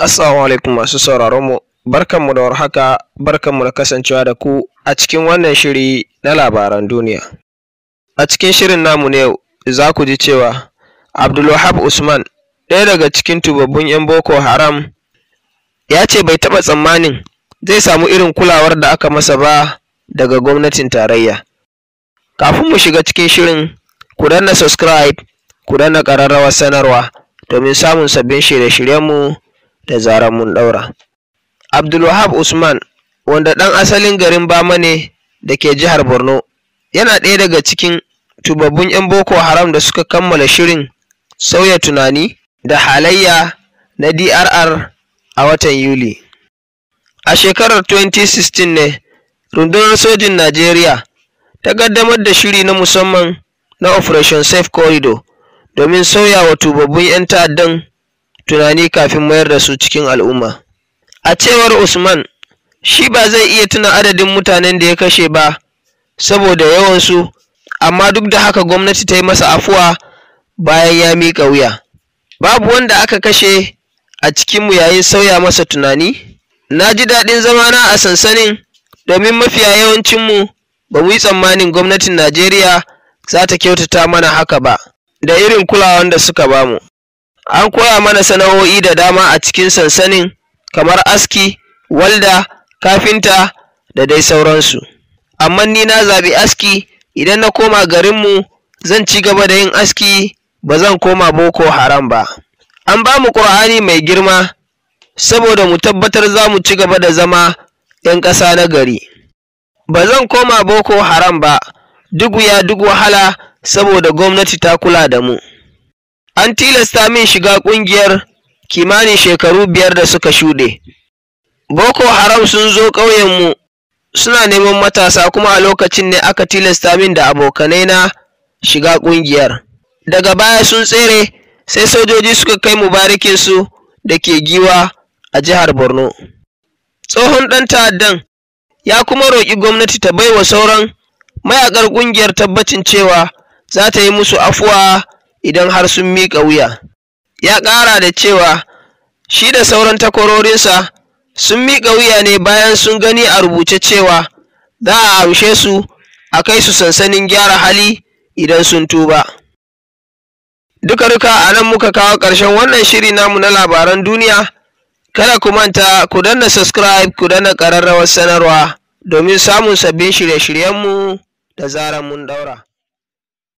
Assalamu alaikum masu sauraron mu. mu da warhaka, mu da kasancewa da ku a cikin wannan shiri na labaran duniya. A cikin shirin namu ne za ku ji cewa Abdulwahab Usman, ɗaya daga cikin tubabbun 'yan Boko Haram, ya ce bai taɓa tsammanin zai samu irin kulawar da aka masa ba daga gwamnatin tarayya. Kafin mu shiga cikin shirin, ku danna subscribe, ku danna ƙararrawar sanarwa domin samun sabbin shirye-shiryenmu. da zarar mun ɗaura. Abdulwahab Usman wanda ɗan asalin garin Bama ne da ke jihar Borno yana ɗaya daga cikin tubabbun 'yan Boko Haram da suka kammala shirin sauya tunani da halayya na DRR a watan Yuli. A shekarar 2016 ne rundunar sojin Najeriya ta gaddamar da shiri na musamman na Operation Safe Corridor domin sauya wa tubabbun 'yan ta'addan tunani kafin mayar da su cikin al'umma. A cewar Usman, shi ba zai iya tuna adadin mutanen da ya kashe ba saboda yawansu, amma duk da haka gwamnati ta yi masa afuwa bayan ya miƙa wuya. Babu wanda aka kashe a cikinmu yayin sauya masa tunani? Na ji daɗin zamana a sansanin domin mafiya yawancinmu ba mu yi tsammanin gwamnatin Najeriya za ta kyautata mana haka ba, da irin kulawan da suka bamu. An koya mana sana'o'i da dama a cikin sansanin kamar aski, walda, kafinta da dai sauransu. Amma ni na zaɓi aski idan na koma garinmu zan ci gaba da yin aski ba zan koma boko haram ba. An ba mu ƙur'ani mai girma saboda mu tabbatar za mu ci gaba da zama 'yan ƙasa na gari. Ba zan koma boko haram ba, duk wuya duk wahala saboda gwamnati ta kula da mu. an tilasta min shiga ƙungiyar kimanin shekaru biyar da suka shuɗe. Boko Haram sun zo ƙauyenmu suna neman matasa kuma a lokacin ne aka tilasta min da abokanai na shiga ƙungiyar. Daga baya sun tsere sai sojoji suka kai mubarikinsu da ke giwa a jihar Borno. Tsohon ɗan ta'addan ya kuma roƙi gwamnati ta baiwa sauran mayaƙar ƙungiyar tabbacin cewa za ta yi musu afuwa idan har sun miƙa wuya. Ya ƙara da cewa shi da sauran takwarorinsa sun miƙa wuya ne bayan sun gani a rubuce cewa za a amshe su a kai su sansanin gyara hali idan sun tuba. Duka duka a nan muka kawo ƙarshen wannan shiri namu na labaran duniya. Kada ku manta ku danna subscribe ku danna ƙararrawar sanarwa domin samun sabbin shirye-shiryenmu da zarar mun ɗaura.